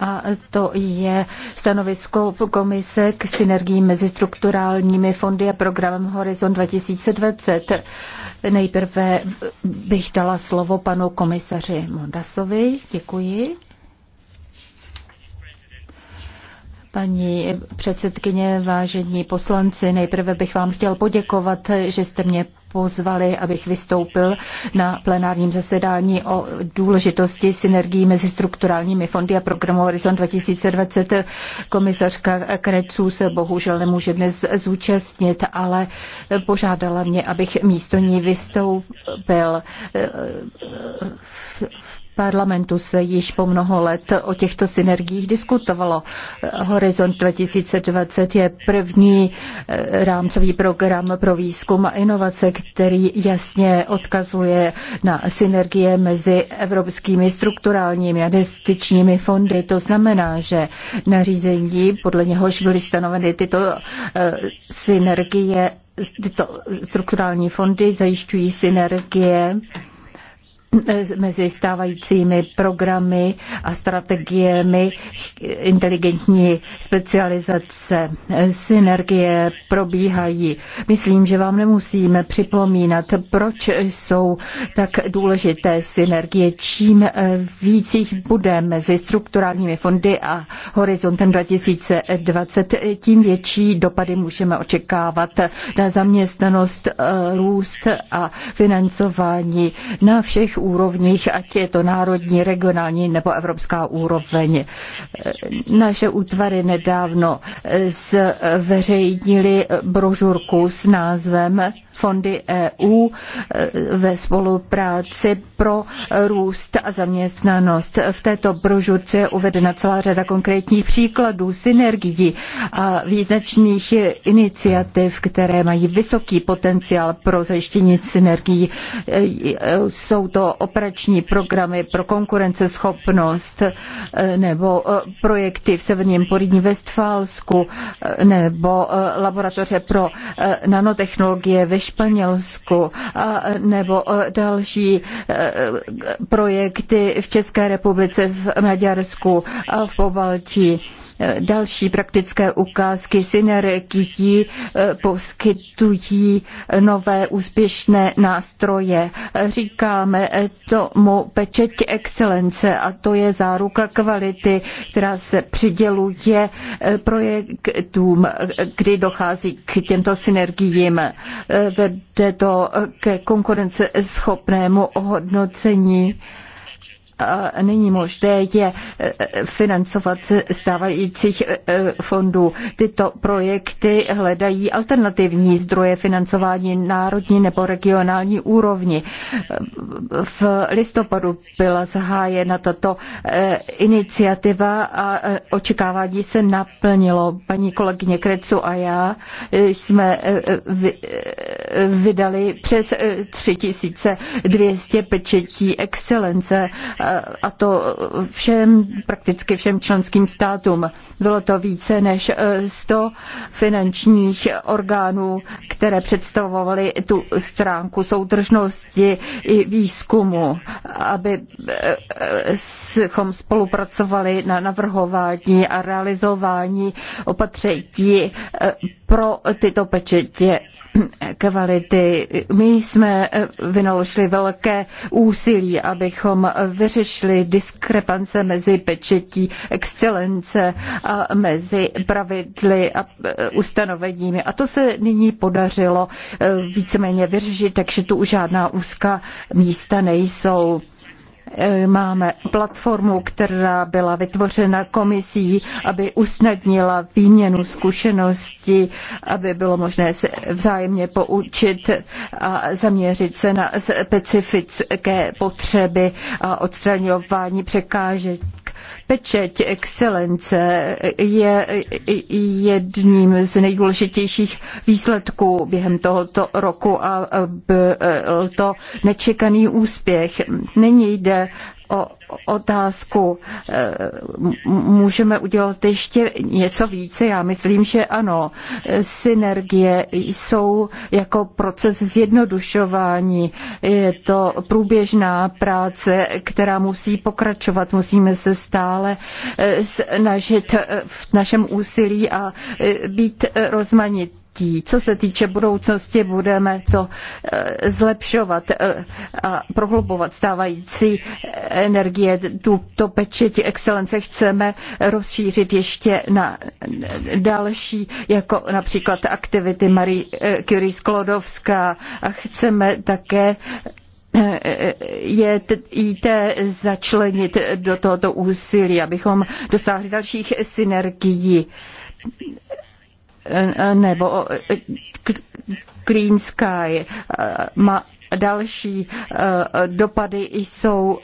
a to je stanovisko komise k synergii mezi strukturálními fondy a programem Horizon 2020. Nejprve bych dala slovo panu komisaři Mondasovi. Děkuji. Paní předsedkyně, vážení poslanci, nejprve bych vám chtěl poděkovat, že jste mě pozvali, abych vystoupil na plenárním zasedání o důležitosti synergií mezi strukturálními fondy a programu Horizon 2020. Komisařka Kreců se bohužel nemůže dnes zúčastnit, ale požádala mě, abych místo ní vystoupil parlamentu se již po mnoho let o těchto synergiích diskutovalo. Horizont 2020 je první eh, rámcový program pro výzkum a inovace, který jasně odkazuje na synergie mezi evropskými strukturálními a destičními fondy. To znamená, že nařízení, podle něhož byly stanoveny tyto eh, synergie, tyto strukturální fondy zajišťují synergie mezi stávajícími programy a strategiemi inteligentní specializace. Synergie probíhají. Myslím, že vám nemusíme připomínat, proč jsou tak důležité synergie. Čím víc jich bude mezi strukturálními fondy a horizontem 2020, tím větší dopady můžeme očekávat na zaměstnanost, růst a financování na všech úrovních, ať je to národní, regionální nebo evropská úroveň. Naše útvary nedávno zveřejnili brožurku s názvem fondy EU e, ve spolupráci pro růst a zaměstnanost. V této brožurce je uvedena celá řada konkrétních příkladů, synergií a význačných iniciativ, které mají vysoký potenciál pro zajištění synergií. E, jsou to operační programy pro konkurenceschopnost e, nebo projekty v Severním Porídní Vestfálsku nebo laboratoře pro nanotechnologie ve Španělsku a, nebo další e, projekty v České republice, v Maďarsku a v Pobaltí Další praktické ukázky synergií eh, poskytují nové úspěšné nástroje. Říkáme tomu pečeť excelence a to je záruka kvality, která se přiděluje eh, projektům, eh, kdy dochází k těmto synergiím. Vede to ke konkurenceschopnému ohodnocení není možné je e, financovat ze stávajících e, e, fondů. Tyto projekty hledají alternativní zdroje financování národní nebo regionální úrovni. V listopadu byla zahájena tato iniciativa a očekávání se naplnilo. Paní kolegyně Krecu a já jsme vydali přes 3200 pečetí excelence a to všem, prakticky všem členským státům. Bylo to více než 100 eh, finančních orgánů, které představovaly tu stránku soudržnosti i výzkumu, aby abychom eh, eh, spolupracovali na navrhování a realizování opatření pro tyto pečetě kvality. My jsme vynaložili velké úsilí, abychom vyřešili diskrepance mezi pečetí excelence a mezi pravidly a ustanoveními. A to se nyní podařilo víceméně vyřešit, takže tu už žádná úzká místa nejsou. Eh, máme platformu, která byla vytvořena komisí, aby usnadnila výměnu zkušeností, aby bylo možné se vzájemně poučit a zaměřit se na specifické potřeby a odstraňování překážek Pečeť excelence je jedním z nejdůležitějších výsledků během tohoto roku a byl to nečekaný úspěch. Nyní jde o otázku. Eh, můžeme udělat ještě něco více? Já myslím, že ano. Synergie jsou jako proces zjednodušování. Je to průběžná práce, která musí pokračovat. Musíme se stále eh, snažit eh, v našem úsilí a být rozmanití dětí. Co se týče budoucnosti, budeme to e, zlepšovat e, a prohlubovat stávající energie. Tuto pečeť excelence chceme rozšířit ještě na další, jako například aktivity Marie e, Curie Sklodovská. A chceme také je IT začlenit do tohoto úsilí, abychom dosáhli dalších synergií nebo Clean Sky. Další e, dopady jsou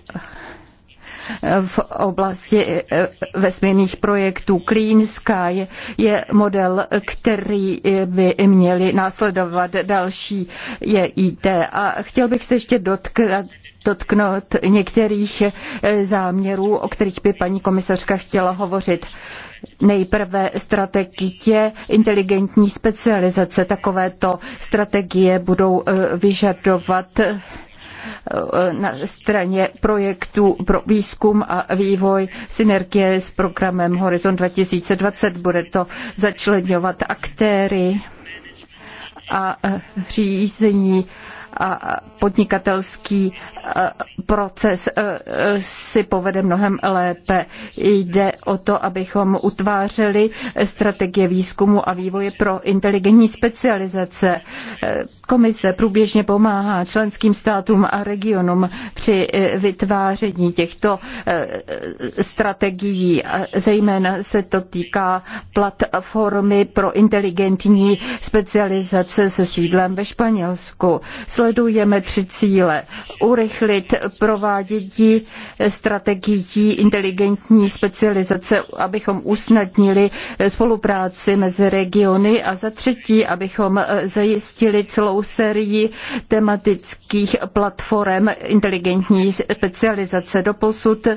v oblasti e, vesmírných projektů. Clean Sky je model, který by měli následovat další je IT. A chtěl bych se ještě dotknout dotknout některých eh, záměrů, o kterých by paní komisařka chtěla hovořit. Nejprve strategie inteligentní specializace. Takovéto strategie budou eh, vyžadovat eh, na straně projektů pro výzkum a vývoj synergie s programem Horizon 2020. Bude to začleňovat aktéry a řízení a podnikatelský e, proces e, e, si povede mnohem lépe. Jde o to, abychom utvářeli strategie výzkumu a vývoje pro inteligentní specializace. Komise průběžně pomáhá členským státům a regionům při vytváření těchto strategií. Zejména se to týká platformy pro inteligentní specializace se sídlem ve Španělsku sledujeme tři cíle. Urychlit provádění strategií inteligentní specializace, abychom usnadnili spolupráci mezi regiony a za třetí, abychom zajistili celou sérii tematických platform inteligentní specializace. Doposud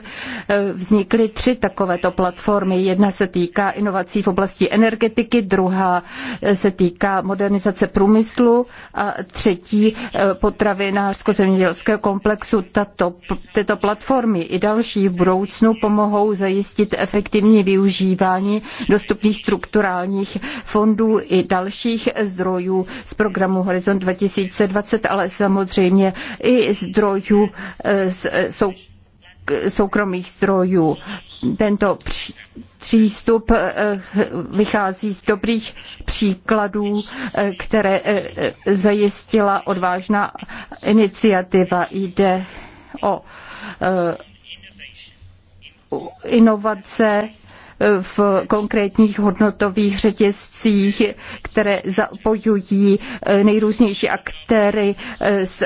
vznikly tři takovéto platformy. Jedna se týká inovací v oblasti energetiky, druhá se týká modernizace průmyslu a třetí potravinářsko-zemědělského komplexu. Tato, tyto platformy i další v budoucnu pomohou zajistit efektivní využívání dostupných strukturálních fondů i dalších zdrojů z programu Horizont 2020, ale samozřejmě i zdrojů z, eh, jsou soukromých zdrojů. Tento přístup eh, vychází z dobrých příkladů, eh, které eh, zajistila odvážná iniciativa. Jde o inovace v konkrétních hodnotových řetězcích, které zapojují e, nejrůznější aktéry e, z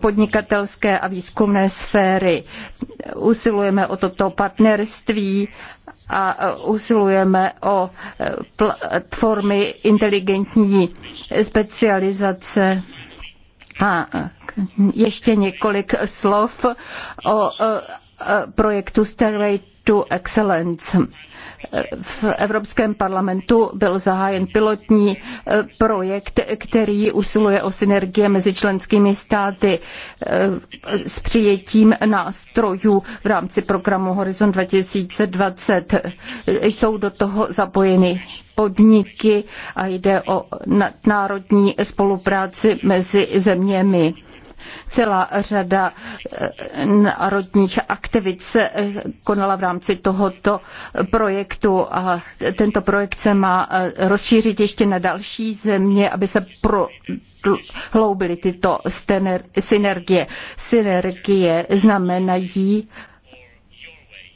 podnikatelské a výzkumné sféry. Usilujeme o toto partnerství a e, usilujeme o platformy inteligentní specializace. A ještě několik slov o projektu Stairway to Excellence. V Evropském parlamentu byl zahájen pilotní eh, projekt, který usiluje o synergie mezi členskými státy eh, s přijetím nástrojů v rámci programu Horizont 2020. Jsou do toho zapojeny podniky a jde o nadnárodní spolupráci mezi zeměmi Celá řada eh, národních aktivit se eh, konala v rámci tohoto projektu a tento projekt se má eh, rozšířit ještě na další země, aby se prohloubily tyto synergie. Synergie znamenají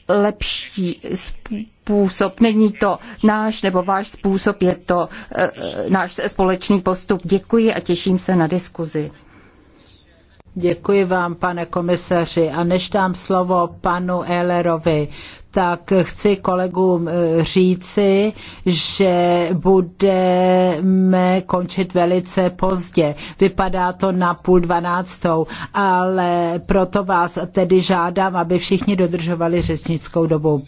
lepší způsob. Není to náš nebo váš způsob, je to náš společný postup. Děkuji a těším se na diskuzi. Děkuji vám, pane komisaři. A než dám slovo panu Ehlerovi, tak chci kolegům eh, říci, že budeme končit velice pozdě. Vypadá to na půl dvanáctou, ale proto vás tedy žádám, aby všichni dodržovali řečnickou dobu.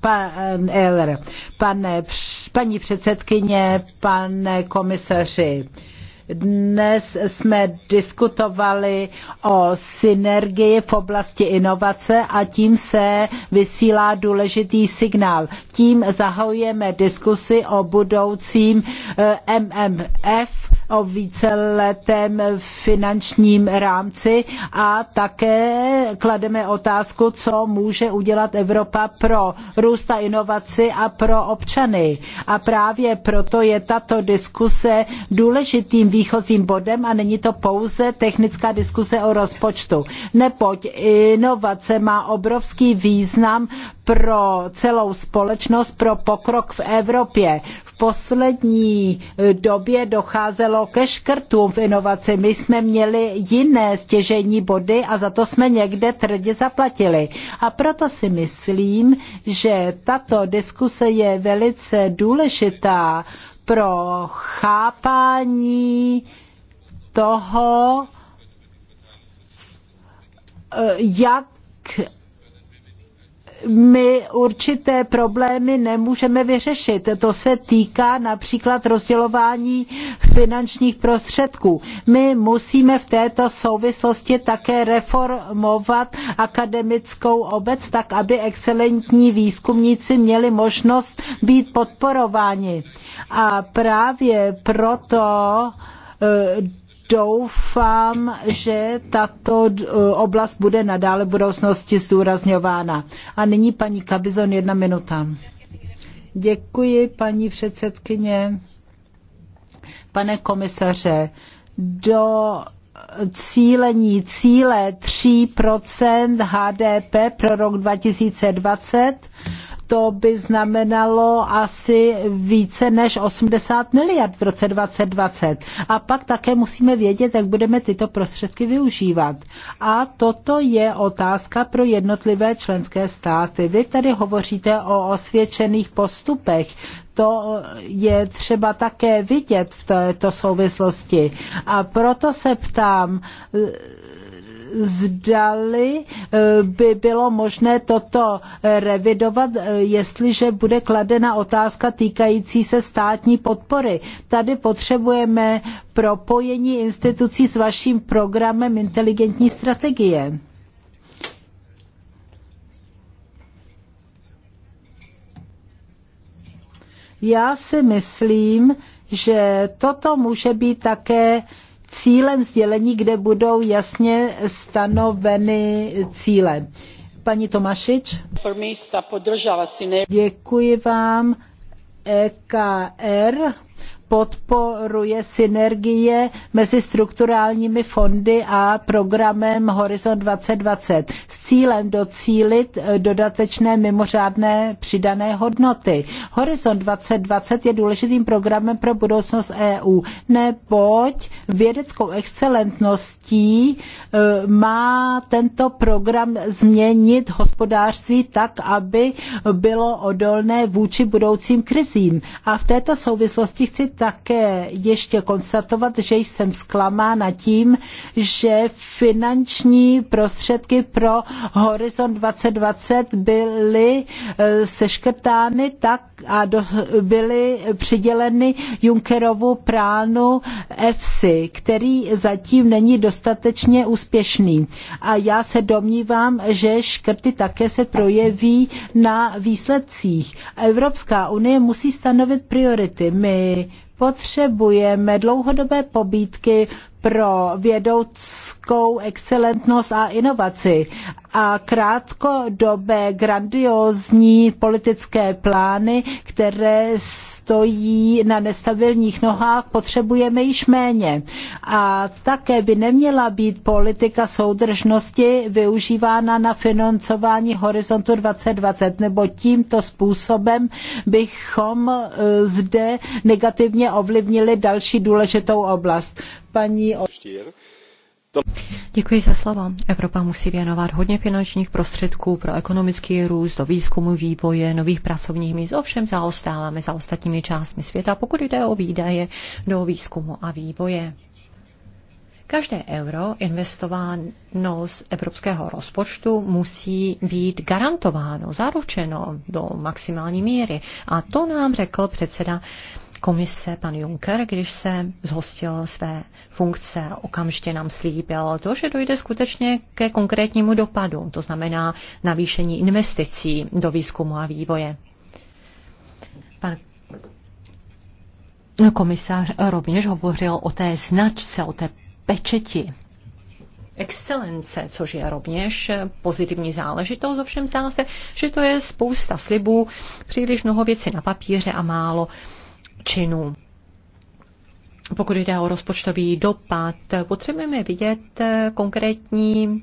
Pan Ehler, pane, paní předsedkyně, pane komisaři, dnes jsme diskutovali o synergii v oblasti inovace a tím se vysílá důležitý signál. Tím zahajujeme diskusi o budoucím eh, MMF o víceletém finančním rámci a také klademe otázku, co může udělat Evropa pro růst a inovaci a pro občany. A právě proto je tato diskuse důležitým výchozím bodem a není to pouze technická diskuse o rozpočtu. Neboť inovace má obrovský význam pro celou společnost, pro pokrok v Evropě. V poslední době docházelo došlo ke škrtům v inovaci. My jsme měli jiné stěžejní body a za to jsme někde tvrdě zaplatili. A proto si myslím, že tato diskuse je velice důležitá pro chápání toho, eh, jak my určité problémy nemůžeme vyřešit. To se týká například rozdělování finančních prostředků. My musíme v této souvislosti také reformovat akademickou obec tak, aby excelentní výzkumníci měli možnost být podporováni. A právě proto eh, doufám, že tato eh, oblast bude nadále v budoucnosti zdůrazňována. A nyní paní Kabizon, jedna minuta. Děkuji, paní předsedkyně. Pane komisaře, do cílení cíle 3 HDP pro rok 2020 to by znamenalo asi více než 80 miliard v roce 2020. A pak také musíme vědět, jak budeme tyto prostředky využívat. A toto je otázka pro jednotlivé členské státy. Vy tady hovoříte o osvědčených postupech to je třeba také vidět v této souvislosti. A proto se ptám, zdali eh, by bylo možné toto eh, revidovat, eh, jestliže bude kladena otázka týkající se státní podpory. Tady potřebujeme propojení institucí s vaším programem inteligentní strategie. Já si myslím, že toto může být také cílem sdělení, kde budou jasně stanoveny cíle. Paní Tomašič. Děkuji vám. EKR podporuje synergie mezi strukturálními fondy a programem Horizon 2020 cílem docílit eh, dodatečné mimořádné přidané hodnoty. Horizont 2020 je důležitým programem pro budoucnost EU, neboť vědeckou excelentností eh, má tento program změnit hospodářství tak, aby bylo odolné vůči budoucím krizím. A v této souvislosti chci také ještě konstatovat, že jsem zklamána tím, že finanční prostředky pro Horizont 2020 byly eh, seškrtány tak a do, byly přiděleny Junckerovu plánu EFSI, který zatím není dostatečně úspěšný. A já se domnívám, že škrty také se projeví na výsledcích. Evropská unie musí stanovit priority. My potřebujeme dlouhodobé pobídky pro vědeckou excelentnost a inovaci a krátkodobé grandiózní politické plány, které stojí na nestabilních nohách, potřebujeme již méně. A také by neměla být politika soudržnosti využívána na financování horizontu 2020, nebo tímto způsobem bychom e, zde negativně ovlivnili další důležitou oblast. Paní Děkuji za slovo. Evropa musí věnovat hodně finančních prostředků pro ekonomický růst, do výzkumu vývoje, nových pracovních míst. Ovšem zaostáváme za ostatními částmi světa, pokud jde o výdaje do výzkumu a vývoje. Každé euro investováno z evropského rozpočtu musí být garantováno, zaručeno do maximální míry. A to nám řekl předseda komise pan Juncker, když se zhostil své funkce, okamžitě nám slíbil to, že dojde skutečně ke konkrétnímu dopadu, to znamená navýšení investicí do výzkumu a vývoje. Pan komisař rovněž hovořil o té značce, o té pečeti excelence, což je rovněž pozitivní záležitost, ovšem zdá se, že to je spousta slibů, příliš mnoho věcí na papíře a málo činů. Pokud jde o rozpočtový dopad, potřebujeme vidět konkrétní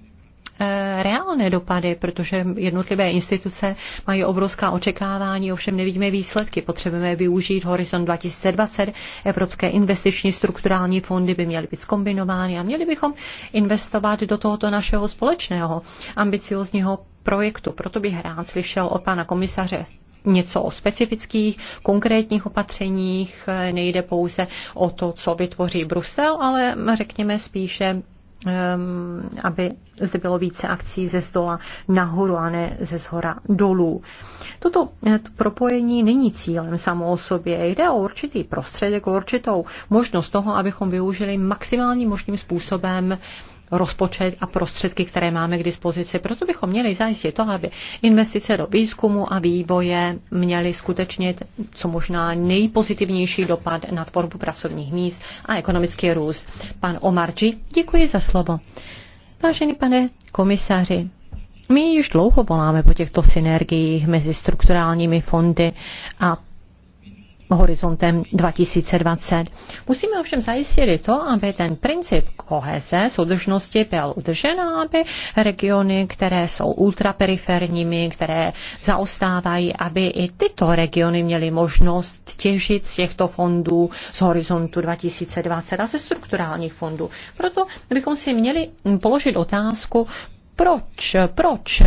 Eh, reálné dopady, protože jednotlivé instituce mají obrovská očekávání, ovšem nevidíme výsledky. Potřebujeme využít Horizon 2020, Evropské investiční strukturální fondy by měly být skombinovány a měli bychom investovat do tohoto našeho společného ambiciozního projektu. Proto bych rád slyšel od pana komisaře něco o specifických, konkrétních opatřeních. Nejde pouze o to, co vytvoří Brusel, ale řekněme spíše Ehm, aby zde bylo více akcí ze zdola nahoru a ne ze zhora dolů. Toto eh, propojení není cílem samo o sobě. Jde o určitý prostředek, o určitou možnost toho, abychom využili maximálním možným způsobem rozpočet a prostředky, které máme k dispozici. Proto bychom měli zajistit to, aby investice do výzkumu a vývoje měly skutečně co možná nejpozitivnější dopad na tvorbu pracovních míst a ekonomický růst. Pan Omarči, děkuji za slovo. Vážený pane komisaři, my již dlouho voláme po těchto synergiích mezi strukturálními fondy a horizontem 2020. Musíme ovšem zajistit to, aby ten princip koheze, soudržnosti byl udržen a aby regiony, které jsou ultraperiferními, které zaostávají, aby i tyto regiony měly možnost těžit z těchto fondů z horizontu 2020 a ze strukturálních fondů. Proto bychom si měli položit otázku, proč, proč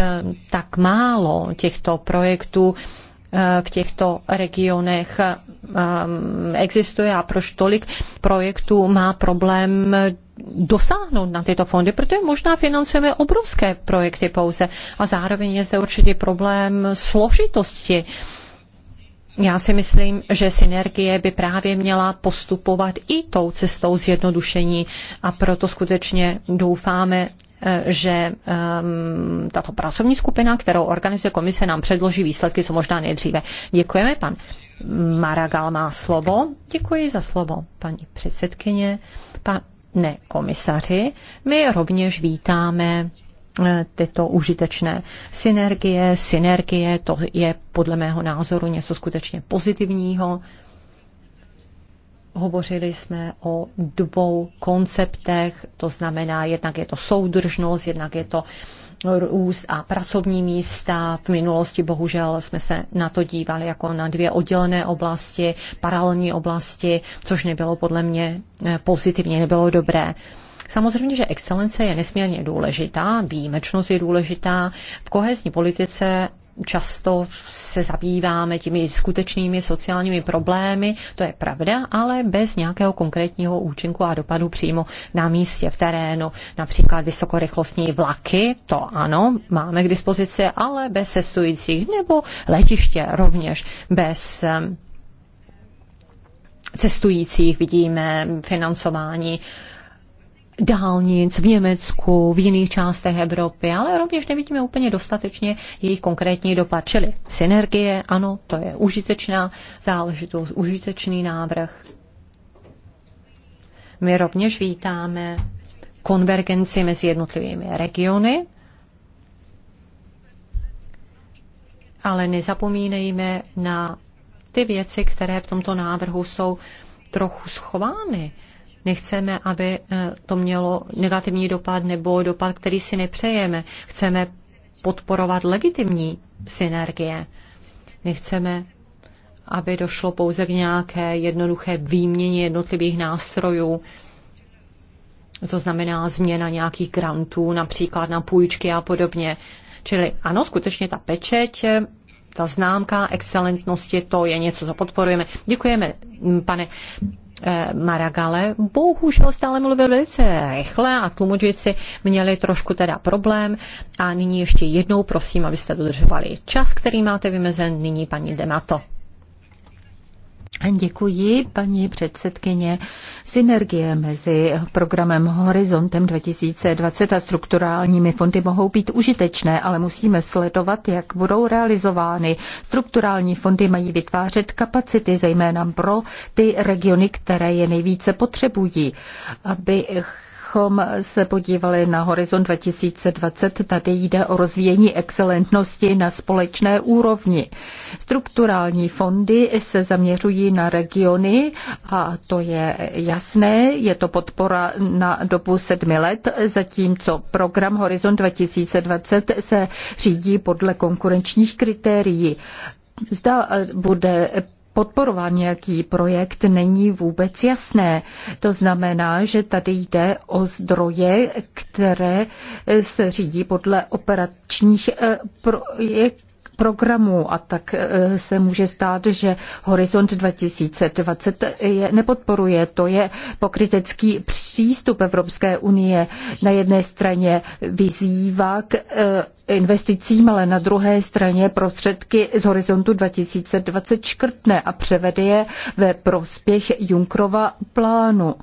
tak málo těchto projektů Eh, v těchto regionech eh, existuje a proč tolik projektů má problém dosáhnout na tyto fondy, protože možná financujeme obrovské projekty pouze a zároveň je zde určitý problém složitosti já si myslím, že synergie by právě měla postupovat i tou cestou zjednodušení a proto skutečně doufáme, Eh, že ehm, tato pracovní skupina, kterou organizuje komise, nám předloží výsledky co možná nejdříve. Děkujeme, pan Maragal má slovo. Děkuji za slovo, paní předsedkyně. Pan, ne, komisaři, my rovněž vítáme eh, tyto užitečné synergie. Synergie to je podle mého názoru něco skutečně pozitivního. Hovořili jsme o dvou konceptech, to znamená, jednak je to soudržnost, jednak je to růst a pracovní místa. V minulosti bohužel jsme se na to dívali jako na dvě oddělené oblasti, paralelní oblasti, což nebylo podle mě eh, pozitivně, nebylo dobré. Samozřejmě, že excelence je nesmírně důležitá, výjimečnost je důležitá. V kohezní politice často se zabýváme těmi skutečnými sociálními problémy, to je pravda, ale bez nějakého konkrétního účinku a dopadu přímo na místě, v terénu. Například vysokorychlostní vlaky, to ano, máme k dispozici, ale bez cestujících, nebo letiště rovněž bez cestujících vidíme financování dálnic v Německu, v jiných částech Evropy, ale rovněž nevidíme úplně dostatečně jejich konkrétní dopad. Čili synergie, ano, to je užitečná záležitost, užitečný návrh. My rovněž vítáme konvergenci mezi jednotlivými regiony, ale nezapomínejme na ty věci, které v tomto návrhu jsou trochu schovány. Nechceme, aby e, to mělo negativní dopad nebo dopad, který si nepřejeme. Chceme podporovat legitimní synergie. Nechceme, aby došlo pouze k nějaké jednoduché výměně jednotlivých nástrojů, to znamená změna nějakých grantů, například na půjčky a podobně. Čili ano, skutečně ta pečeť, e, ta známka excelentnosti, to je něco, co podporujeme. Děkujeme, pane Eh, Maragale bohužel stále mluvil velice rychle a tlumočníci měli trošku teda problém. A nyní ještě jednou prosím, abyste dodržovali čas, který máte vymezen. Nyní paní Demato. Děkuji, paní předsedkyně. Synergie mezi programem Horizontem 2020 a strukturálními fondy mohou být užitečné, ale musíme sledovat, jak budou realizovány. Strukturální fondy mají vytvářet kapacity, zejména pro ty regiony, které je nejvíce potřebují, aby abychom se podívali na horizont 2020. Tady jde o rozvíjení excelentnosti na společné úrovni. Strukturální fondy se zaměřují na regiony a to je jasné. Je to podpora na dobu sedmi let, zatímco program Horizont 2020 se řídí podle konkurenčních kritérií. Zda bude podporoval nějaký projekt, není vůbec jasné. To znamená, že tady jde o zdroje, které se řídí podle operačních eh, projektů programů a tak eh, se může stát, že Horizont 2020 je nepodporuje. To je pokrytecký přístup Evropské unie. Na jedné straně vyzývá k eh, investicím, ale na druhé straně prostředky z horizontu 2020 škrtne a převede je ve prospěch Junkrova plánu.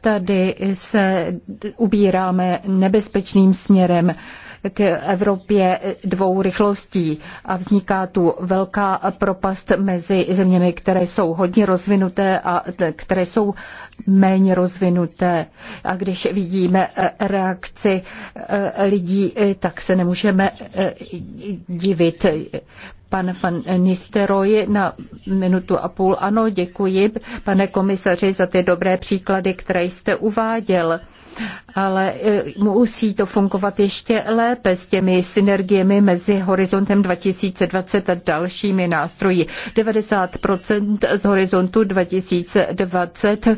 Tady se ubíráme nebezpečným směrem k Evropě dvou rychlostí a vzniká tu velká propast mezi zeměmi, které jsou hodně rozvinuté a které jsou méně rozvinuté. A když vidíme e, reakci e, lidí, e, tak se nemůžeme divit pan van Nisteroy na minutu a půl. Ano, děkuji, pane komisaři, za ty dobré příklady, které jste uváděl ale e, musí to fungovat ještě lépe s těmi synergiemi mezi Horizontem 2020 a dalšími nástroji. 90% z Horizontu 2020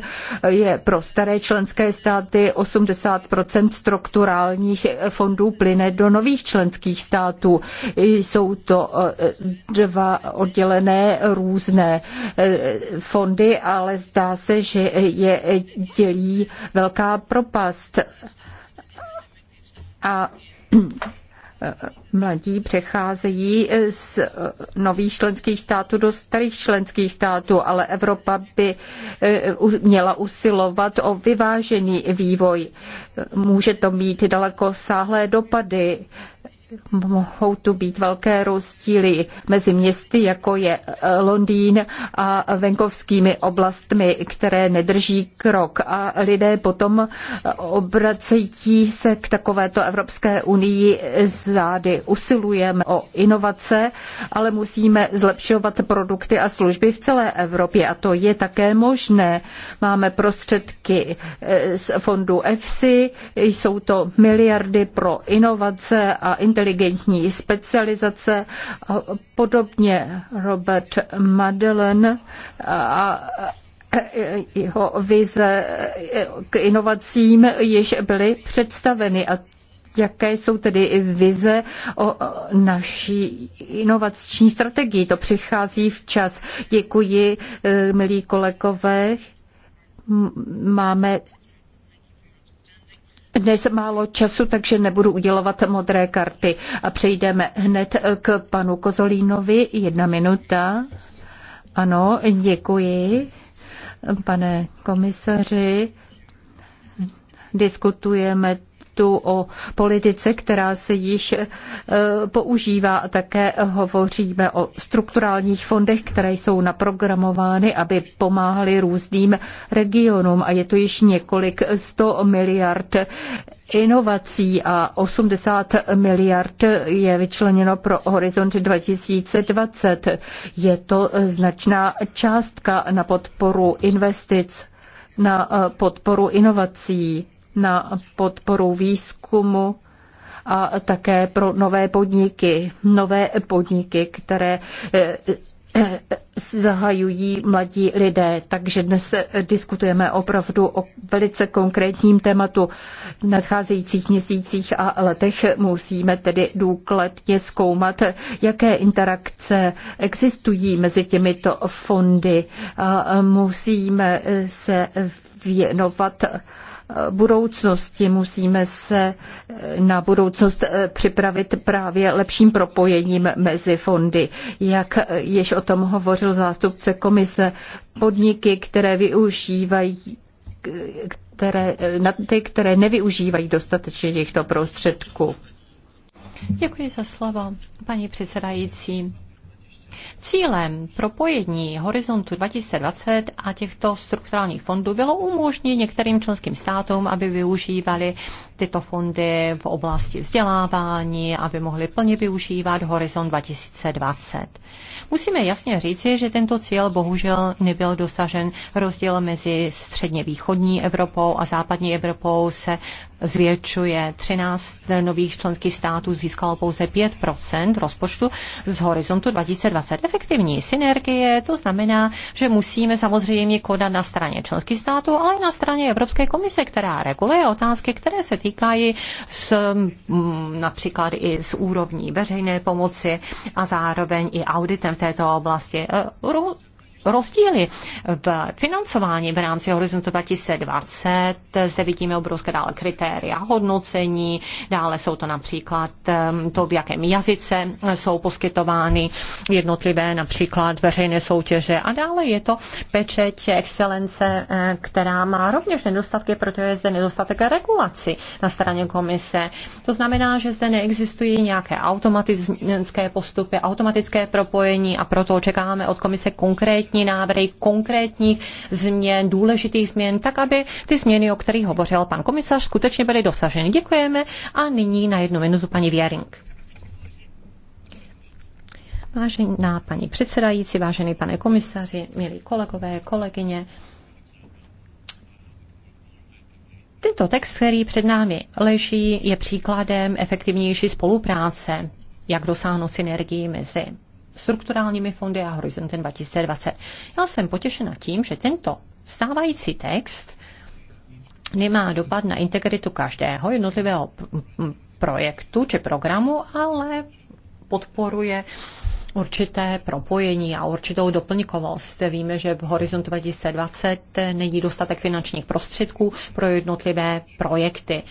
je pro staré členské státy, 80% strukturálních fondů plyne do nových členských států. Jsou to e, dva oddělené různé e, fondy, ale zdá se, že je dělí velká propast oblast a mladí přecházejí z nových členských států do starých členských států, ale Evropa by eh, měla usilovat o vyvážený vývoj. Může to mít daleko sáhlé dopady mohou tu být velké rozdíly mezi městy, jako je eh, Londýn a venkovskými oblastmi, které nedrží krok. A lidé potom eh, obracejí se k takovéto Evropské unii zády. Usilujeme o inovace, ale musíme zlepšovat produkty a služby v celé Evropě a to je také možné. Máme prostředky eh, z fondu EFSI, jsou to miliardy pro inovace a integraci inteligentní specializace podobně. Robert Madeleine a jeho vize k inovacím již byly představeny a jaké jsou tedy i vize o naší inovační strategii. To přichází včas. Děkuji, eh, milí kolegové. Máme dnes málo času, takže nebudu udělovat modré karty. A přejdeme hned k panu Kozolínovi. Jedna minuta. Ano, děkuji, pane komisaři. Diskutujeme textu o politice, která se již e, používá a také hovoříme o strukturálních fondech, které jsou naprogramovány, aby pomáhaly různým regionům a je to již několik sto miliard inovací a 80 miliard je vyčleněno pro Horizont 2020. Je to značná částka na podporu investic, na e, podporu inovací na podporu výzkumu a také pro nové podniky, nové podniky, které eh, eh, zahajují mladí lidé. Takže dnes diskutujeme opravdu o velice konkrétním tématu. V nadcházejících měsících a letech musíme tedy důkladně zkoumat, jaké interakce existují mezi těmito fondy. A musíme se věnovat budoucnosti. Musíme se na budoucnost eh, připravit právě lepším propojením mezi fondy. Jak již o tom hovořil zástupce komise, podniky, které využívají které, eh, na ty, které nevyužívají dostatečně těchto prostředků. Děkuji za slovo, paní předsedající. Cílem propojení horizontu 2020 a těchto strukturálních fondů bylo umožnit některým členským státům, aby využívali tyto fondy v oblasti vzdělávání, aby mohli plně využívat horizont 2020. Musíme jasně říci, že tento cíl bohužel nebyl dosažen. Rozdíl mezi středně východní Evropou a západní Evropou se zvětšuje. 13 nových členských států získalo pouze 5 rozpočtu z horizontu 2020. Efektivní synergie, to znamená, že musíme samozřejmě konat na straně členských států, ale i na straně Evropské komise, která reguluje otázky, které se týkají s, mm, například i z úrovní veřejné pomoci a zároveň i auditem v této oblasti. Eh, rozdíly v financování v rámci horizontu 2020. Zde vidíme obrovské dále kritéria hodnocení, dále jsou to například to, v jakém jazyce jsou poskytovány jednotlivé například veřejné soutěže a dále je to pečeť excelence, eh, která má rovněž nedostatky, protože je zde nedostatek regulaci na straně komise. To znamená, že zde neexistují nějaké automatické postupy, automatické propojení a proto očekáváme od komise konkrétní konkrétní návrhy, konkrétních změn, důležitých změn, tak aby ty změny, o kterých hovořil pan komisař, skutečně byly dosaženy. Děkujeme a nyní na jednu minutu paní Věring. Vážená paní předsedající, vážený pane komisaři, milí kolegové, kolegyně, tento text, který před námi leží, je příkladem efektivnější spolupráce, jak dosáhnout synergii mezi strukturálními fondy a horizontem 2020. Já jsem potěšena tím, že tento vstávající text nemá dopad na integritu každého jednotlivého projektu či programu, ale podporuje určité propojení a určitou doplňkovost. Víme, že v Horizont 2020 není dostatek finančních prostředků pro jednotlivé projekty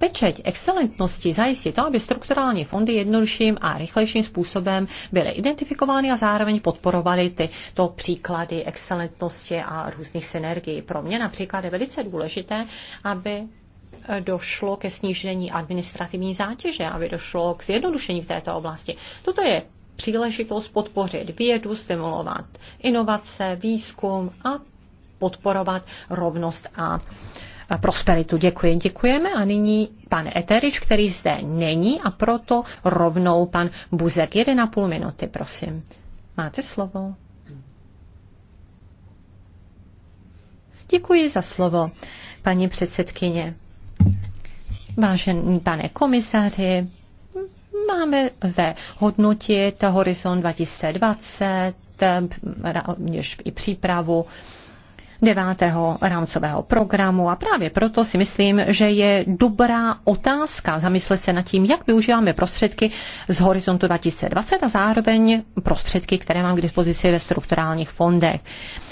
pečeť excelentnosti zajistit to, aby strukturální fondy jednodušším a rychlejším způsobem byly identifikovány a zároveň podporovaly tyto příklady excelentnosti a různých synergií. Pro mě například je velice důležité, aby došlo ke snížení administrativní zátěže, aby došlo k zjednodušení v této oblasti. Toto je příležitost podpořit vědu, stimulovat inovace, výzkum a podporovat rovnost a prosperitu. Děkuji, děkujeme. A nyní pan Eterič, který zde není a proto rovnou pan Buzek. jeden a půl minuty, prosím. Máte slovo. Děkuji za slovo, paní předsedkyně. Vážený pane komisaři, máme zde hodnotit Horizon 2020, rovněž i přípravu devátého rámcového programu a právě proto si myslím, že je dobrá otázka zamyslet se nad tím, jak využíváme prostředky z horizontu 2020 a zároveň prostředky, které mám k dispozici ve strukturálních fondech.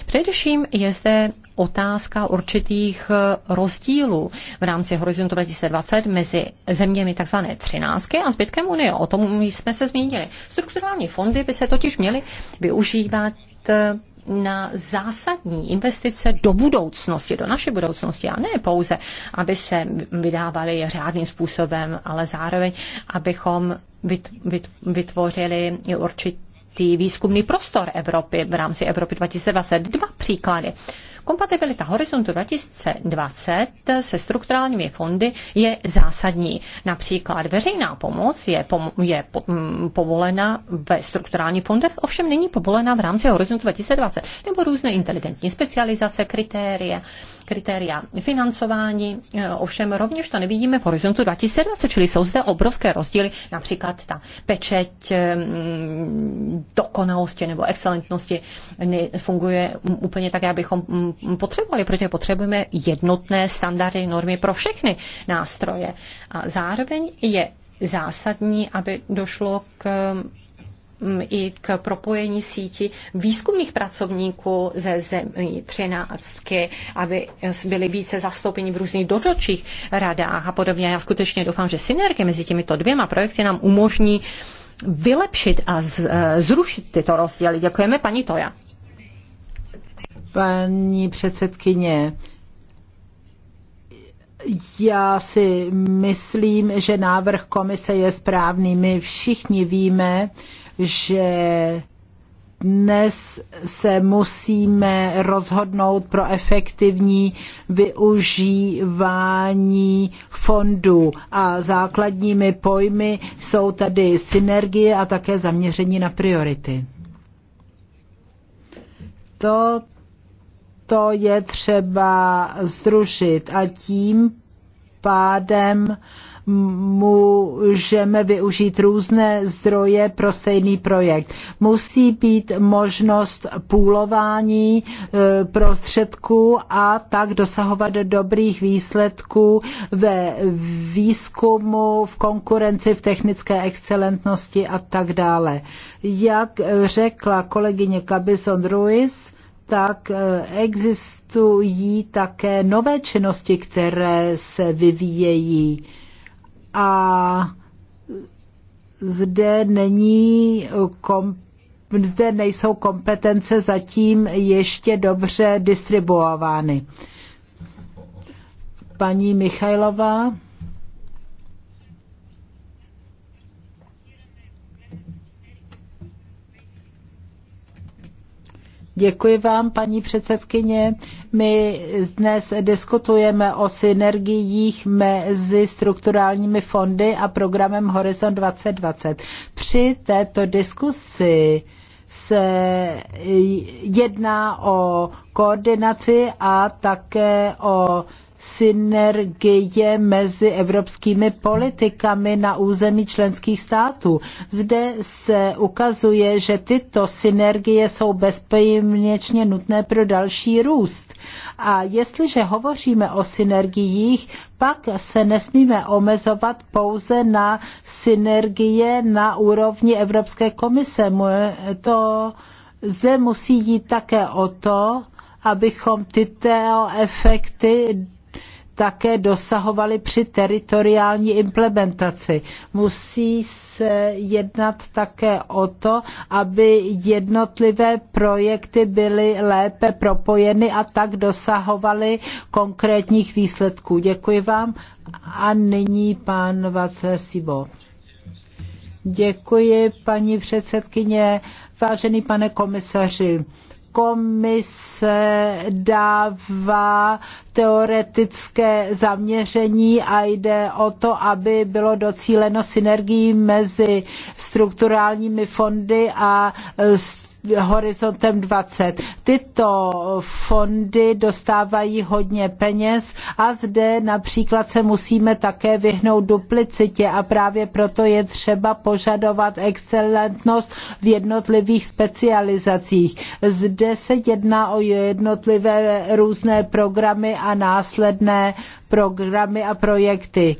Především je zde otázka určitých rozdílů v rámci Horizontu 2020 mezi zeměmi tzv. třinásky a zbytkem Unie. O tom jsme se zmínili. Strukturální fondy by se totiž měly využívat na zásadní investice do budoucnosti, do naší budoucnosti a ne pouze, aby se vydávali řádným způsobem, ale zároveň, abychom vytvořili určitý výzkumný prostor Evropy v rámci Evropy 2022. Dva příklady Kompatibilita Horizontu 2020 se strukturálními fondy je zásadní. Například veřejná pomoc je, pom- je po- povolena ve strukturálních fondech, ovšem není povolena v rámci Horizontu 2020, nebo různé inteligentní specializace, kritéria kritéria financování, e, ovšem rovněž to nevidíme v horizontu 2020, čili jsou zde obrovské rozdíly, například ta pečeť dokonalosti nebo excelentnosti funguje úplně tak, jak bychom potřebovali, protože potřebujeme jednotné standardy, normy pro všechny nástroje. A zároveň je zásadní, aby došlo k i k propojení síti výzkumných pracovníků ze zemí 13, aby byli více zastoupeni v různých dozorčích radách a podobně. Já skutečně doufám, že synergie mezi těmito dvěma projekty nám umožní vylepšit a e, zrušit tyto rozdíly. Děkujeme, paní Toja. Paní předsedkyně, já si myslím, že návrh komise je správný. My všichni víme, že dnes se musíme rozhodnout pro efektivní využívání fondů a základními pojmy jsou tady synergie a také zaměření na priority. To, to je třeba združit a tím pádem uh, můžeme využít různé zdroje pro stejný projekt. Musí být možnost půlování e, prostředků a tak dosahovat dobrých výsledků ve výzkumu, v konkurenci, v technické excelentnosti a tak dále. Jak e, řekla kolegyně Cabezon Ruiz, tak e, existují také nové činnosti, které se vyvíjejí a zde není kom, zde nejsou kompetence zatím ještě dobře distribuovány. Paní Michajlová. Děkuji vám, paní předsedkyně. My dnes diskutujeme o synergiích mezi strukturálními fondy a programem Horizon 2020. Při této diskusi se jedná o koordinaci a také o synergie mezi evropskými politikami na území členských států. Zde se ukazuje, že tyto synergie jsou bezpojemněčně nutné pro další růst. A jestliže hovoříme o synergiích, pak se nesmíme omezovat pouze na synergie na úrovni Evropské komise. To zde musí jít také o to, abychom tyto efekty také dosahovaly při teritoriální implementaci. Musí se jednat také o to, aby jednotlivé projekty byly lépe propojeny a tak dosahovaly konkrétních výsledků. Děkuji vám. A nyní pan Vace Sibo. Děkuji, paní předsedkyně, vážený pane komisaři komise dává teoretické zaměření a jde o to, aby bylo docíleno synergií mezi strukturálními fondy a st horizontem 20. Tyto fondy dostávají hodně peněz a zde například se musíme také vyhnout duplicitě a právě proto je třeba požadovat excelentnost v jednotlivých specializacích. Zde se jedná o jednotlivé různé programy a následné programy a projekty.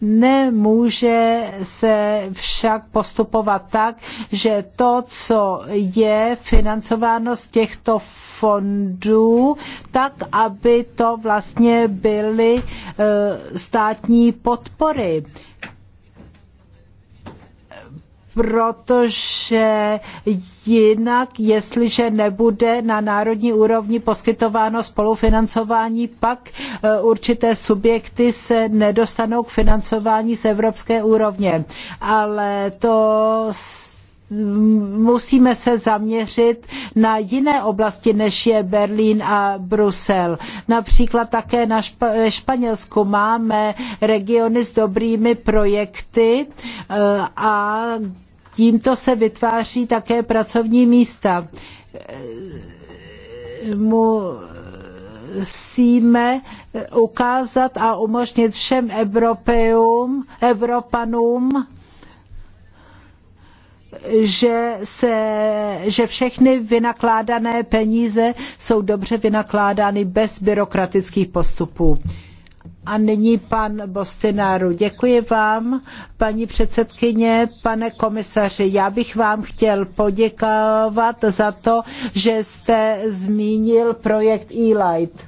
Nemůže se však postupovat tak, že to, co je financováno z těchto fondů, tak aby to vlastně byly eh, státní podpory protože jinak, jestliže nebude na národní úrovni poskytováno spolufinancování, pak e, určité subjekty se nedostanou k financování z evropské úrovně. Ale to musíme se zaměřit na jiné oblasti, než je Berlín a Brusel. Například také na Španělsku máme regiony s dobrými projekty e, a Tímto se vytváří také pracovní místa. Musíme ukázat a umožnit všem Evropeum, Evropanům, že, se, že všechny vynakládané peníze jsou dobře vynakládány bez byrokratických postupů. A nyní pan Bostináru. Děkuji vám, paní předsedkyně, pane komisaři. Já bych vám chtěl poděkovat za to, že jste zmínil projekt e-light.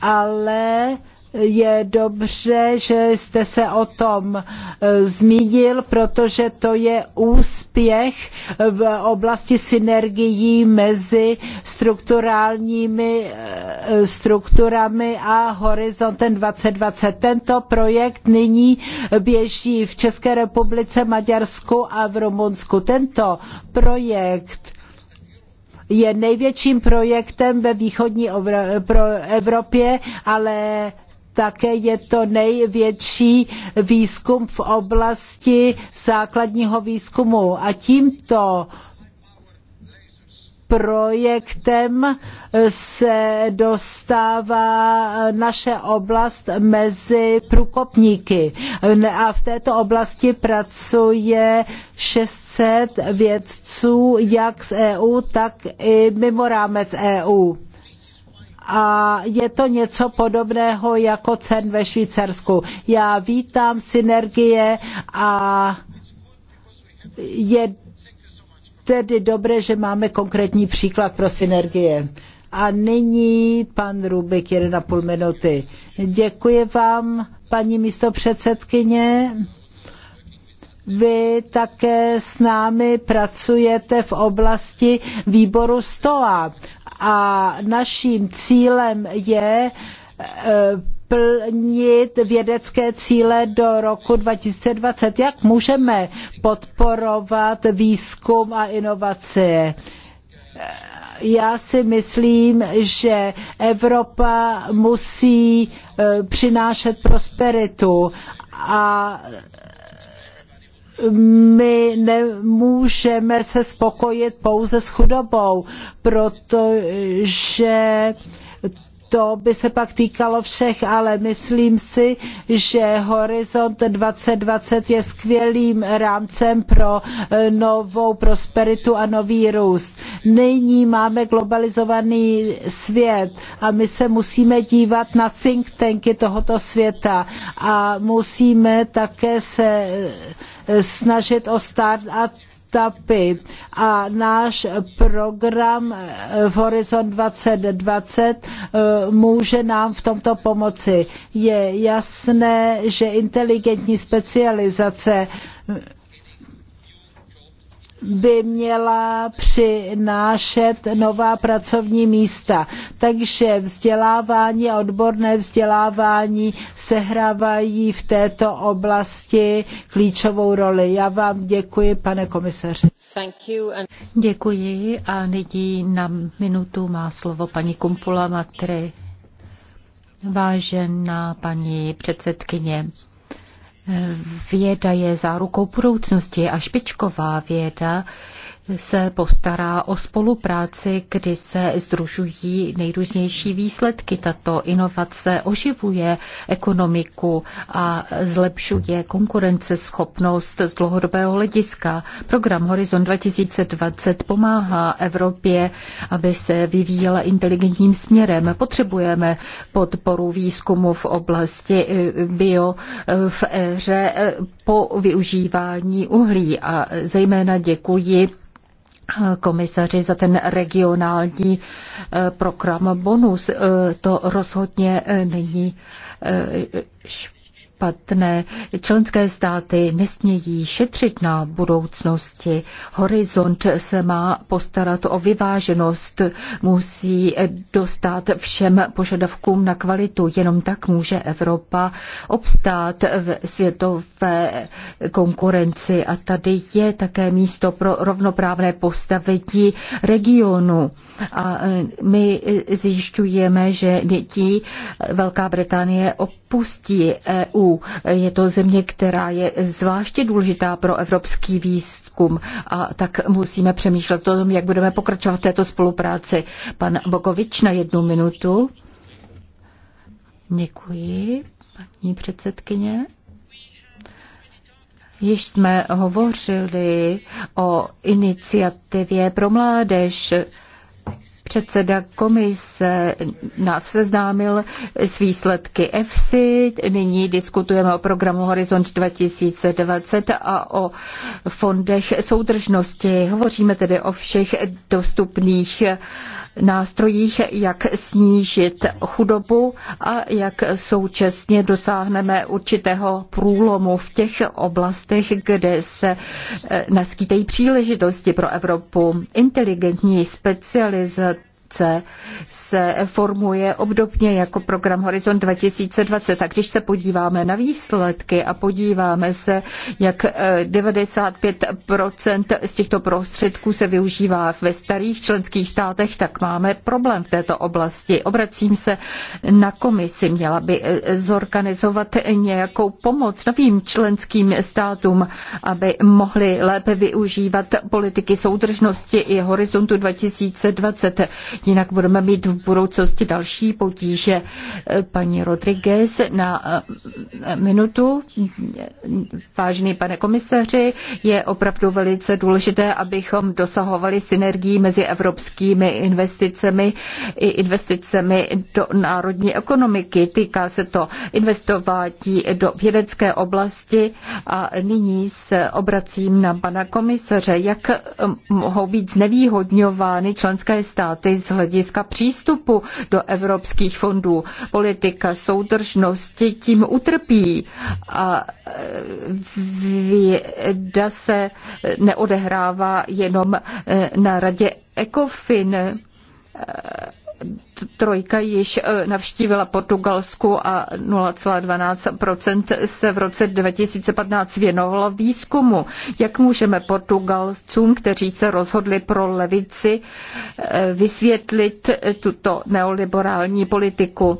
Ale je dobře, že jste se o tom e, zmínil, protože to je úspěch v oblasti synergií mezi strukturálními e, strukturami a Horizontem 2020. Tento projekt nyní běží v České republice, Maďarsku a v Rumunsku. Tento projekt je největším projektem ve východní Evropě, ale také je to největší výzkum v oblasti základního výzkumu. A tímto projektem se dostává naše oblast mezi průkopníky. A v této oblasti pracuje 600 vědců jak z EU, tak i mimo rámec EU a je to něco podobného jako cen ve Švýcarsku. Já vítám synergie a je tedy dobré, že máme konkrétní příklad pro synergie. A nyní pan Rubik, půl minuty. Děkuji vám, paní místopředsedkyně. Vy také s námi pracujete v oblasti výboru STOA a naším cílem je eh, plnit vědecké cíle do roku 2020. Jak můžeme podporovat výzkum a inovace? Eh, já si myslím, že Evropa musí eh, přinášet prosperitu a my nemůžeme se spokojit pouze s chudobou, protože to by se pak týkalo všech, ale myslím si, že Horizont 2020 je skvělým rámcem pro eh, novou prosperitu a nový růst. Nyní máme globalizovaný svět a my se musíme dívat na think tanky tohoto světa a musíme také se eh, snažit o start a etapy a náš program eh, Horizon 2020 eh, může nám v tomto pomoci. Je jasné, že inteligentní specializace by měla přinášet nová pracovní místa. Takže vzdělávání a odborné vzdělávání sehrávají v této oblasti klíčovou roli. Já vám děkuji, pane komisaři. Děkuji a nyní na minutu má slovo paní Kumpula Matry. Vážená paní předsedkyně, Věda je zárukou budoucnosti a špičková věda se postará o spolupráci, kdy se združují nejrůznější výsledky. Tato inovace oživuje ekonomiku a zlepšuje konkurenceschopnost z dlouhodobého hlediska. Program Horizon 2020 pomáhá Evropě, aby se vyvíjela inteligentním směrem. Potřebujeme podporu výzkumu v oblasti eh, bio eh, v éře eh, po využívání uhlí a zejména děkuji komisaři za ten regionální eh, program bonus. Eh, to rozhodně eh, není špatné špatné. Členské státy nesmějí šetřit na budoucnosti. Horizont se má postarat o vyváženost, musí dostat všem požadavkům na kvalitu. Jenom tak může Evropa obstát v světové konkurenci. A tady je také místo pro rovnoprávné postavení regionu. A e, my zjišťujeme, že děti Velká Británie opustí EU je to země, která je zvláště důležitá pro evropský výzkum a tak musíme přemýšlet o tom, jak budeme pokračovat v této spolupráci. Pan Bogovič na jednu minutu. Děkuji, paní předsedkyně. Již jsme hovořili o iniciativě pro mládež. Předseda komise nás seznámil s výsledky EFSI. Nyní diskutujeme o programu Horizont 2020 a o fondech soudržnosti. Hovoříme tedy o všech dostupných nástrojích, jak snížit chudobu a jak současně dosáhneme určitého průlomu v těch oblastech, kde se eh, naskýtají příležitosti pro Evropu. Inteligentní specializace se, se formuje obdobně jako program Horizont 2020. A když se podíváme na výsledky a podíváme se, jak 95 eh, z těchto prostředků se využívá ve starých členských státech, tak máme problém v této oblasti. Obracím se na komisi. Měla by eh, zorganizovat nějakou pomoc novým členským státům, aby mohli lépe využívat politiky soudržnosti i horizontu 2020 jinak budeme mít v budoucnosti další potíže. Paní Rodriguez na eh, minutu. Vážený pane komisaři, je opravdu velice důležité, abychom dosahovali synergii mezi evropskými investicemi i investicemi do národní ekonomiky. Týká se to investování do vědecké oblasti a nyní se obracím na pana komisaře. Jak mohou být znevýhodňovány členské státy z hlediska přístupu do evropských fondů. Politika soudržnosti tím utrpí a e, věda se neodehrává jenom e, na radě ECOFIN e, trojka již eh, navštívila Portugalsku a 0,12% se v roce 2015 věnovalo výzkumu. Jak můžeme Portugalcům, kteří se rozhodli pro levici, eh, vysvětlit tuto neoliberální politiku?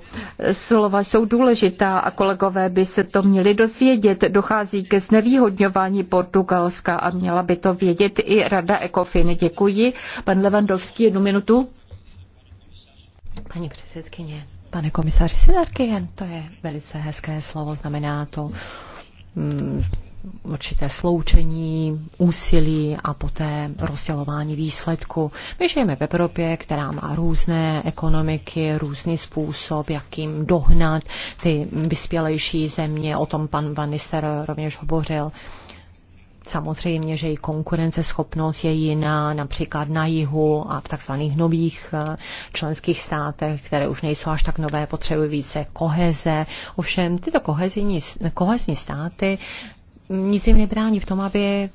Slova jsou důležitá a kolegové by se to měli dozvědět. Dochází ke znevýhodňování Portugalska a měla by to vědět i Rada Ekofin. Děkuji. Pan Levandovský, jednu minutu. Paní předsedkyně, pane komisaři Sidarkien, to je velice hezké slovo, znamená to mm, určité sloučení, úsilí a poté rozdělování výsledku. My žijeme v Evropě, která má různé ekonomiky, různý způsob, jakým dohnat ty vyspělejší země, o tom pan Van Nister rovněž hovořil. Samozřejmě, že i konkurenceschopnost je jiná, například na jihu a v takzvaných nových eh, členských státech, které už nejsou až tak nové, potřebují více koheze. Ovšem, tyto kohezní, kohezní státy nic jim nebrání v tom, aby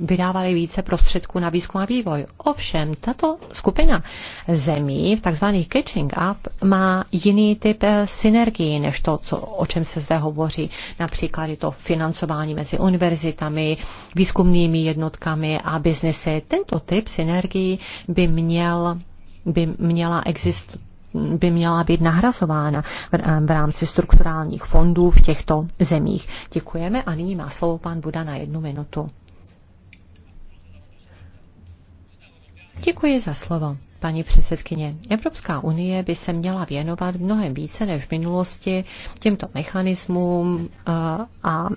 vydávali více prostředků na výzkum a vývoj. Ovšem, tato skupina zemí v tzv. catching up má jiný typ eh, synergii než to, co, o čem se zde hovoří. Například je to financování mezi univerzitami, výzkumnými jednotkami a biznesy. Tento typ synergii by měl by měla existovat by měla být nahrazována eh, v rámci strukturálních fondů v těchto zemích. Děkujeme a nyní má slovo pan Buda na jednu minutu. Děkuji za slovo. Paní předsedkyně, Evropská unie by se měla věnovat mnohem více než v minulosti těmto mechanismům a, eh, a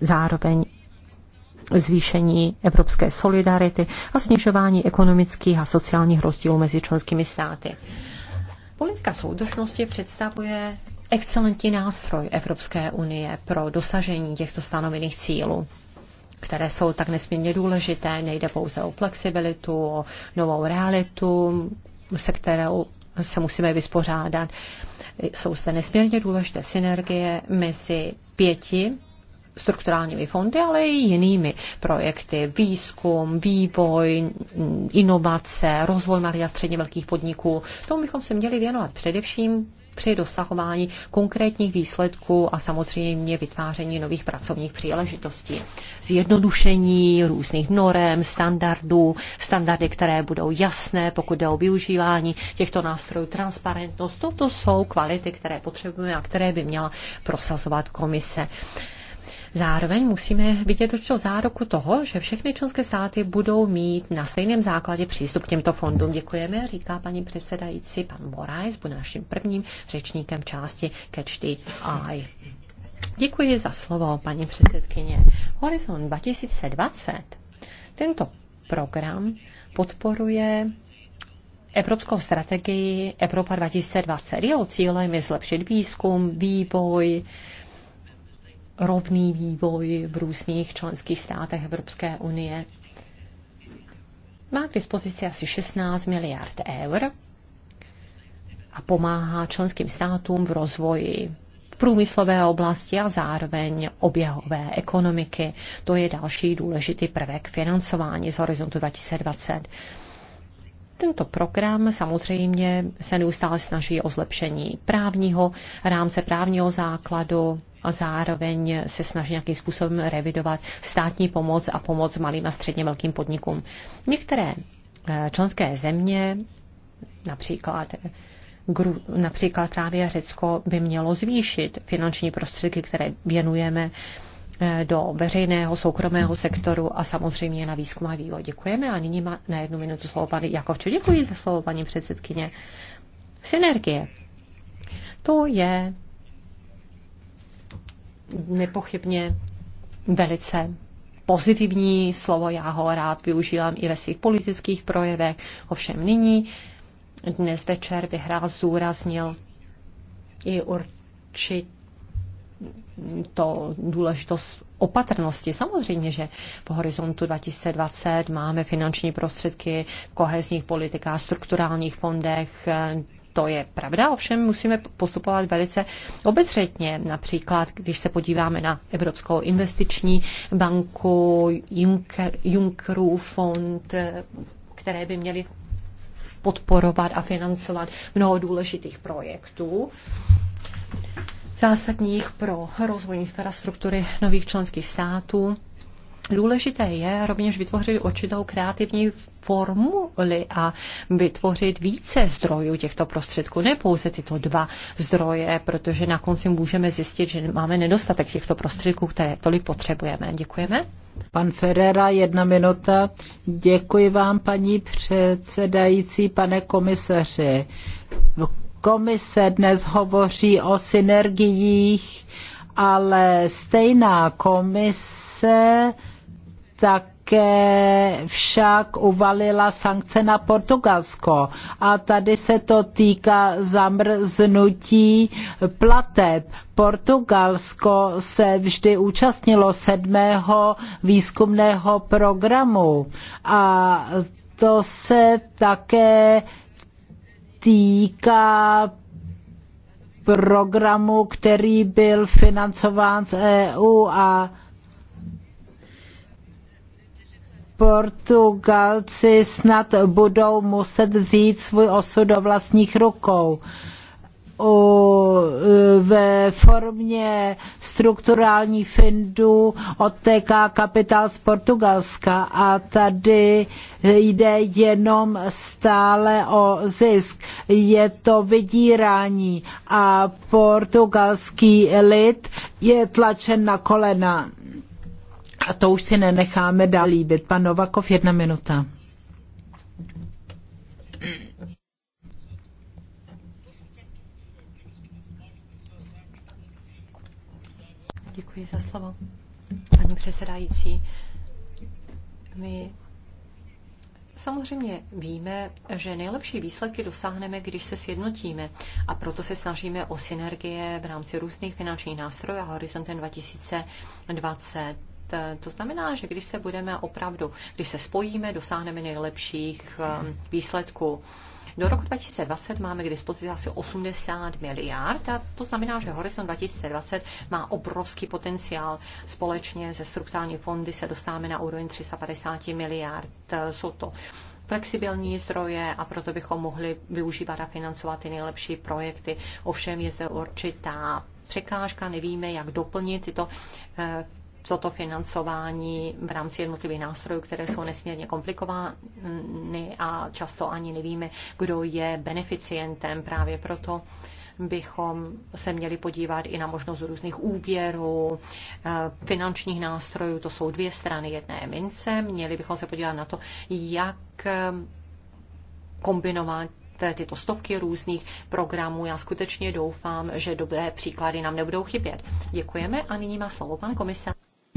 zároveň zvýšení evropské solidarity a snižování ekonomických a sociálních rozdílů mezi členskými státy. Politika soudržnosti představuje excelentní nástroj Evropské unie pro dosažení těchto stanovených cílů které jsou tak nesmírně důležité. Nejde pouze o flexibilitu, o novou realitu, se kterou se musíme vyspořádat. Jsou zde nesmírně důležité synergie mezi pěti strukturálními fondy, ale i jinými projekty. Výzkum, vývoj, inovace, rozvoj malých a středně velkých podniků. Tomu bychom se měli věnovat především při dosahování konkrétních výsledků a samozřejmě vytváření nových pracovních příležitostí. Zjednodušení různých norem, standardů, standardy, které budou jasné, pokud jde o využívání těchto nástrojů, transparentnost, toto jsou kvality, které potřebujeme a které by měla prosazovat komise. Zároveň musíme vidět určitou záruku toho, že všechny členské státy budou mít na stejném základě přístup k těmto fondům. Děkujeme, říká paní předsedající. Pan Morais bude naším prvním řečníkem části Catch the Eye. Děkuji za slovo, paní předsedkyně. Horizon 2020. Tento program podporuje Evropskou strategii Evropa 2020. Jeho cílem je zlepšit výzkum, vývoj, rovný vývoj v různých členských státech Evropské unie. Má k dispozici asi 16 miliard eur a pomáhá členským státům v rozvoji průmyslové oblasti a zároveň oběhové ekonomiky. To je další důležitý prvek financování z horizontu 2020. Tento program samozřejmě se neustále snaží o zlepšení právního rámce, právního základu, a zároveň se snaží nějakým způsobem revidovat státní pomoc a pomoc malým a středně velkým podnikům. Některé eh, členské země, například eh, například právě Řecko by mělo zvýšit finanční prostředky, které věnujeme eh, do veřejného, soukromého sektoru a samozřejmě na výzkum a vývoj. Děkujeme a nyní má na jednu minutu slovo pan Jakovče. Děkuji za slovo, paní předsedkyně. Synergie. To je nepochybně velice pozitivní slovo, já ho rád využívám i ve svých politických projevech. Ovšem nyní, dnes večer bych rád zúraznil i To důležitost opatrnosti. Samozřejmě, že v horizontu 2020 máme finanční prostředky v kohezních politikách, strukturálních fondech, to je pravda, ovšem musíme postupovat velice obezřetně. Například, když se podíváme na Evropskou investiční banku, Juncker, Junckerův fond, které by měly podporovat a financovat mnoho důležitých projektů zásadních pro rozvoj infrastruktury nových členských států. Důležité je rovněž vytvořit určitou kreativní formuli a vytvořit více zdrojů těchto prostředků, ne pouze tyto dva zdroje, protože na konci můžeme zjistit, že máme nedostatek těchto prostředků, které tolik potřebujeme. Děkujeme. Pan Ferrera, jedna minuta. Děkuji vám, paní předsedající, pane komisaři. Komise dnes hovoří o synergiích, ale stejná komise se také však uvalila sankce na Portugalsko a tady se to týká zamrznutí plateb. Portugalsko se vždy účastnilo sedmého výzkumného programu a to se také týká programu, který byl financován z EU a Portugalci snad budou muset vzít svůj osud do vlastních rukou. O, ve formě strukturální findu odtéká kapitál z Portugalska a tady jde jenom stále o zisk. Je to vydírání a portugalský lid je tlačen na kolena a to už si nenecháme dál líbit. Pan Novakov, jedna minuta. Děkuji za slovo, paní předsedající. My Samozřejmě víme, že nejlepší výsledky dosáhneme, když se sjednotíme a proto se snažíme o synergie v rámci různých finančních nástrojů a Horizontem 2020. Eh, to znamená, že když se budeme opravdu, když se spojíme, dosáhneme nejlepších eh, výsledků. Do roku 2020 máme k dispozici asi 80 miliard a to znamená, že Horizon 2020 má obrovský potenciál. Společně se strukturální fondy se dostáváme na úroveň 350 miliard. Eh, jsou to flexibilní zdroje a proto bychom mohli využívat a financovat ty nejlepší projekty. Ovšem je zde určitá překážka, nevíme, jak doplnit tyto toto financování v rámci jednotlivých nástrojů, které jsou nesmírně komplikovány a často ani nevíme, kdo je beneficientem. Právě proto bychom se měli podívat i na možnost různých úvěrů, eh, finančních nástrojů. To jsou dvě strany jedné mince. Měli bychom se podívat na to, jak eh, kombinovat tyto stovky různých programů. Já skutečně doufám, že dobré příklady nám nebudou chybět. Děkujeme a nyní má slovo pan komisar.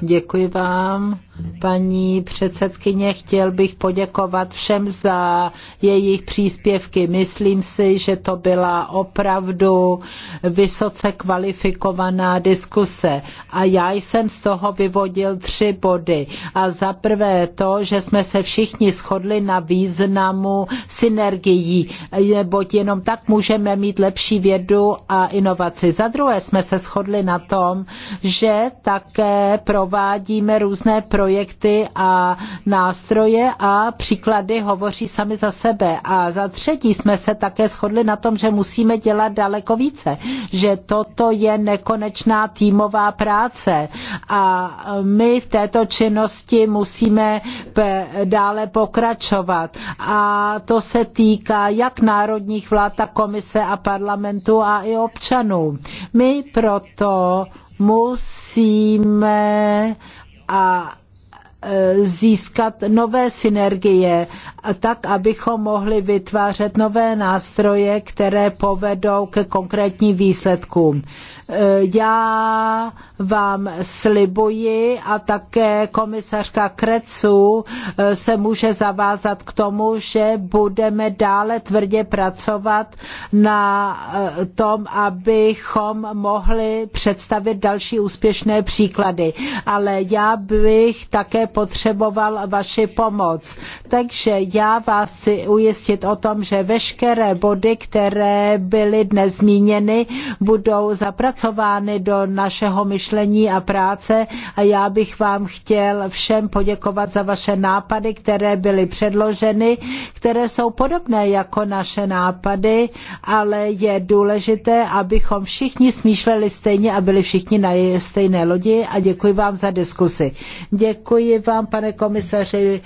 Děkuji vám, paní předsedkyně. Chtěl bych poděkovat všem za jejich příspěvky. Myslím si, že to byla opravdu vysoce kvalifikovaná diskuse. A já jsem z toho vyvodil tři body. A za prvé to, že jsme se všichni shodli na významu synergií, neboť jenom tak můžeme mít lepší vědu a inovaci. Za druhé jsme se shodli na tom, že tak také provádíme různé projekty a nástroje a příklady hovoří sami za sebe. A za třetí jsme se také shodli na tom, že musíme dělat daleko více, že toto je nekonečná týmová práce a my v této činnosti musíme dále pokračovat. A to se týká jak národních vlád, tak komise a parlamentu a i občanů. My proto musíme a Eh, získat nové synergie, tak abychom mohli vytvářet nové nástroje, které povedou ke konkrétním výsledkům. Eh, já vám slibuji a také komisařka Krecu eh, se může zavázat k tomu, že budeme dále tvrdě pracovat na tom, abychom mohli představit další úspěšné příklady. Ale já bych také potřeboval vaši pomoc. Takže já vás chci ujistit o tom, že veškeré body, které byly dnes zmíněny, budou zapracovány do našeho myšlení a práce a já bych vám chtěl všem poděkovat za vaše nápady, které byly předloženy, které jsou podobné jako naše nápady, ale je důležité, abychom všichni smýšleli stejně a byli všichni na stejné lodi a děkuji vám za diskusi. Děkuji vám, pane komisaři,